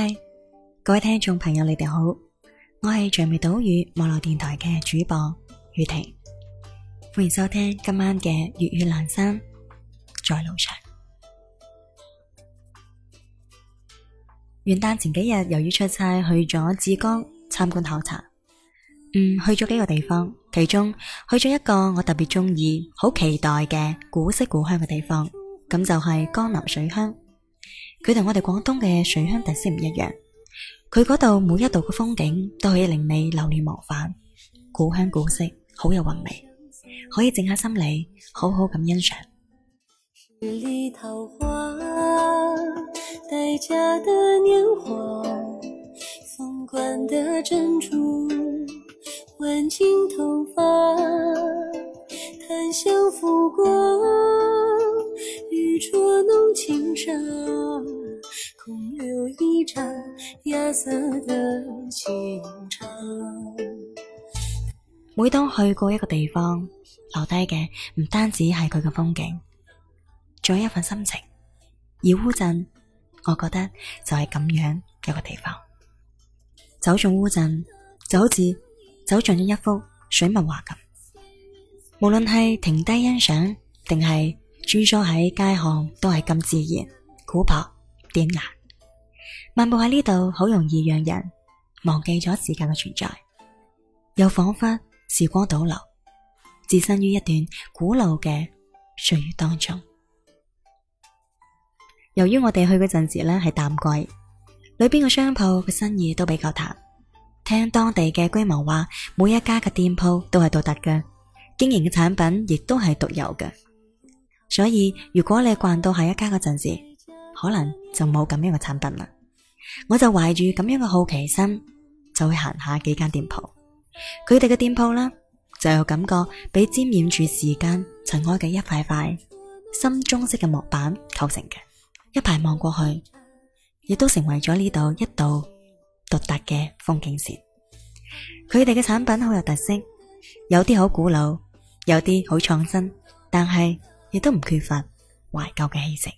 嗨，各位聽眾朋友，你哋好，我係長尾島語網絡電台嘅主播雨婷，歡迎收聽今晚嘅粵語闌珊在路上，元旦前幾日，由於出差去咗浙江參觀考察，嗯，去咗幾個地方，其中去咗一個我特別中意，好期待嘅古色古香嘅地方，咁就係江南水鄉。佢同我哋廣東嘅水鄉特色唔一樣，佢嗰度每一度嘅風景都可以令你流連忘返，古香古色，好有韻味，可以靜下心嚟，好好咁欣賞。十里桃花，待嫁的年華，鳳冠的珍珠挽進頭髮，檀香拂過。當去過一個地方，留低嘅唔單止係佢嘅風景，仲有一份心情。而烏鎮，我覺得就係咁樣一個地方。走進烏鎮，就好似走進咗一幅水墨畫咁。無論係停低欣賞，定係穿梭喺街巷，都係咁自然、古樸、典雅。漫步喺呢度，好容易讓人忘記咗時間嘅存在，又仿佛。時光倒流，置身於一段古老嘅歲月當中。由於我哋去嗰陣時咧係淡季，裏邊嘅商鋪嘅生意都比較淡。聽當地嘅居民話，每一家嘅店鋪都係獨特嘅，經營嘅產品亦都係獨有嘅。所以如果你逛到下一家嗰陣時，可能就冇咁樣嘅產品啦。我就懷住咁樣嘅好奇心，就去行下幾間店鋪佢哋嘅店鋪啦，就有感覺俾沾染住時間塵埃嘅一塊塊深棕色嘅木板構成嘅，一排望過去，亦都成為咗呢度一道獨特嘅風景線。佢哋嘅產品好有特色，有啲好古老，有啲好創新，但係亦都唔缺乏懷舊嘅氣息。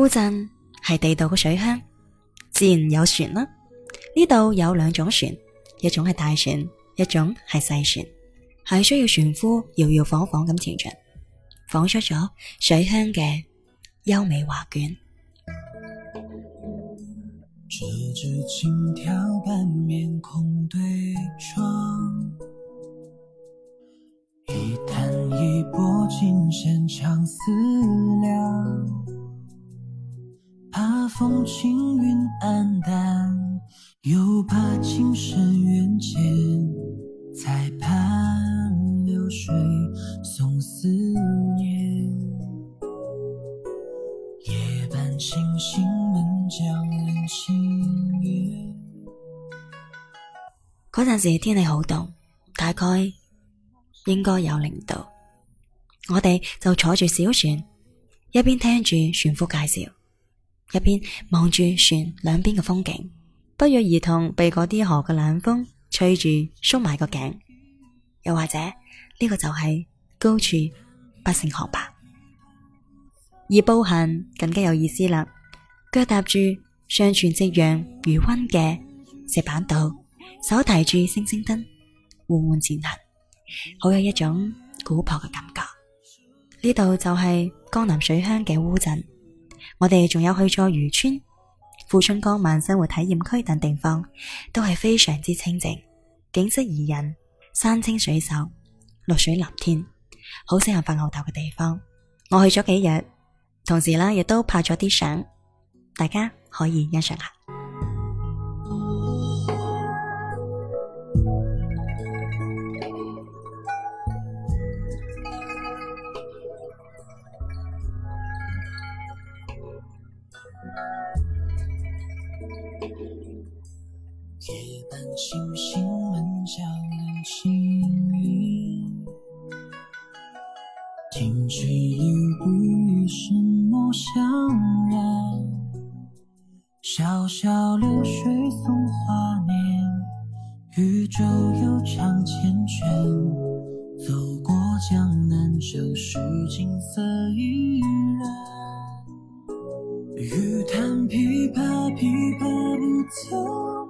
烏鎮係地道嘅水鄉，自然有船啦、啊。呢度有兩種船，一種係大船，一種係細船，係需要船夫搖搖晃晃咁前進，仿出咗水鄉嘅優美畫卷。直直輕挑半面空對窗，一嘆一波，情長思量。淡，又怕情深緣淺，才盼流水送思念。夜半星星，門將人。嗰陣時天氣好凍，大概應該有零度。我哋就坐住小船，一邊聽住船夫介紹。一邊望住船兩邊嘅風景，不約而同被嗰啲河嘅冷風吹住縮埋個頸，又或者呢、這個就係高處不勝寒吧。而步行更加有意思啦，腳踏住尚存夕陽餘溫嘅石板道，手提住星星燈，緩緩前行，好有一種古樸嘅感覺。呢度就係江南水鄉嘅烏鎮。我哋仲有去咗漁村、富春江慢生活體驗區等地方，都係非常之清靜，景色宜人，山清水秀，綠水青天，好適合發吽哣嘅地方。我去咗幾日，同時啦，亦都拍咗啲相，大家可以欣賞下。半星醒，門角冷清影。聽曲流不與，水墨相染。小小流水送華年，漁舟又唱千卷。走過江南，舊是景色依然。欲彈琵琶，琵琶不彈。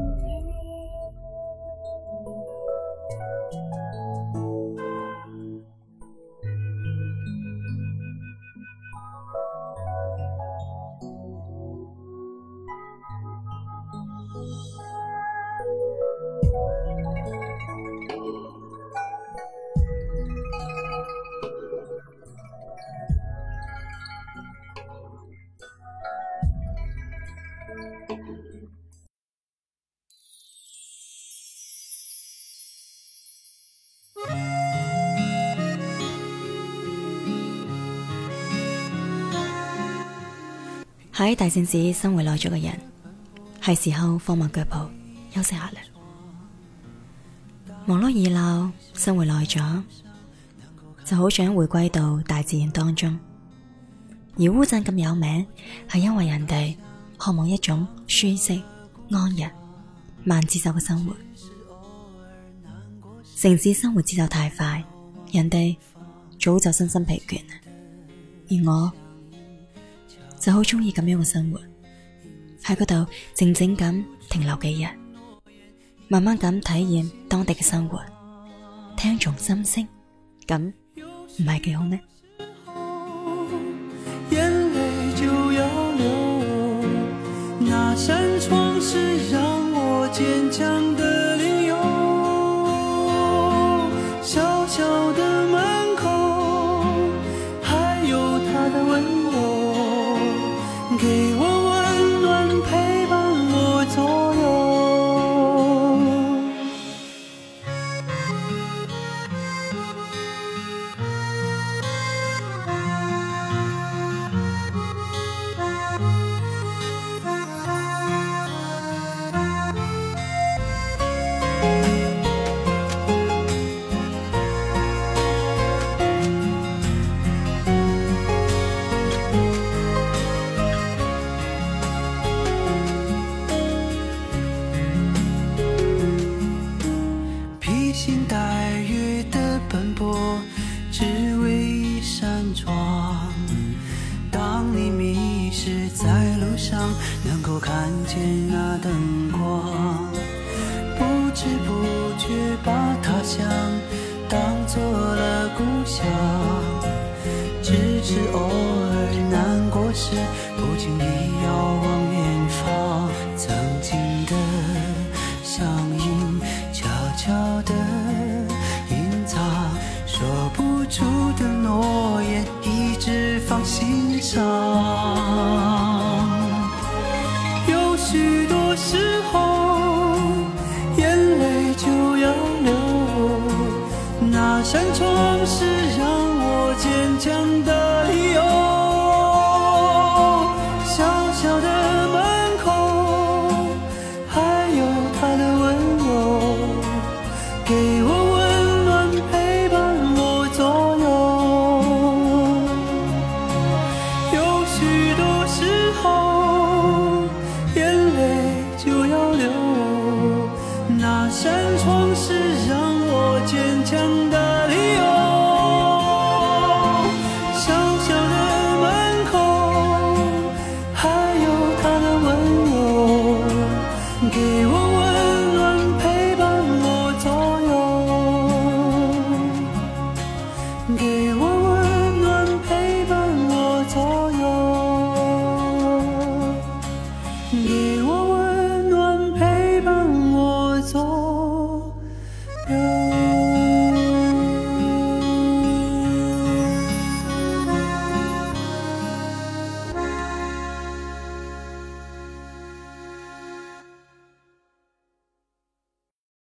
喺大城市生活耐咗嘅人，係時候放慢腳步，休息下啦。忙碌熱鬧，生活耐咗，就好想回歸到大自然當中。而烏鎮咁有名，係因為人哋渴望一種舒適、安逸、慢節奏嘅生活。城市生活節奏太快，人哋早就身心疲倦啦。而我。就好中意咁樣嘅生活，喺嗰度靜靜咁停留幾日，慢慢咁體驗當地嘅生活，聽從心聲，咁唔係幾好咩？那扇窗是讓我在路上，能夠看見那燈光。給我溫暖，陪伴我左右。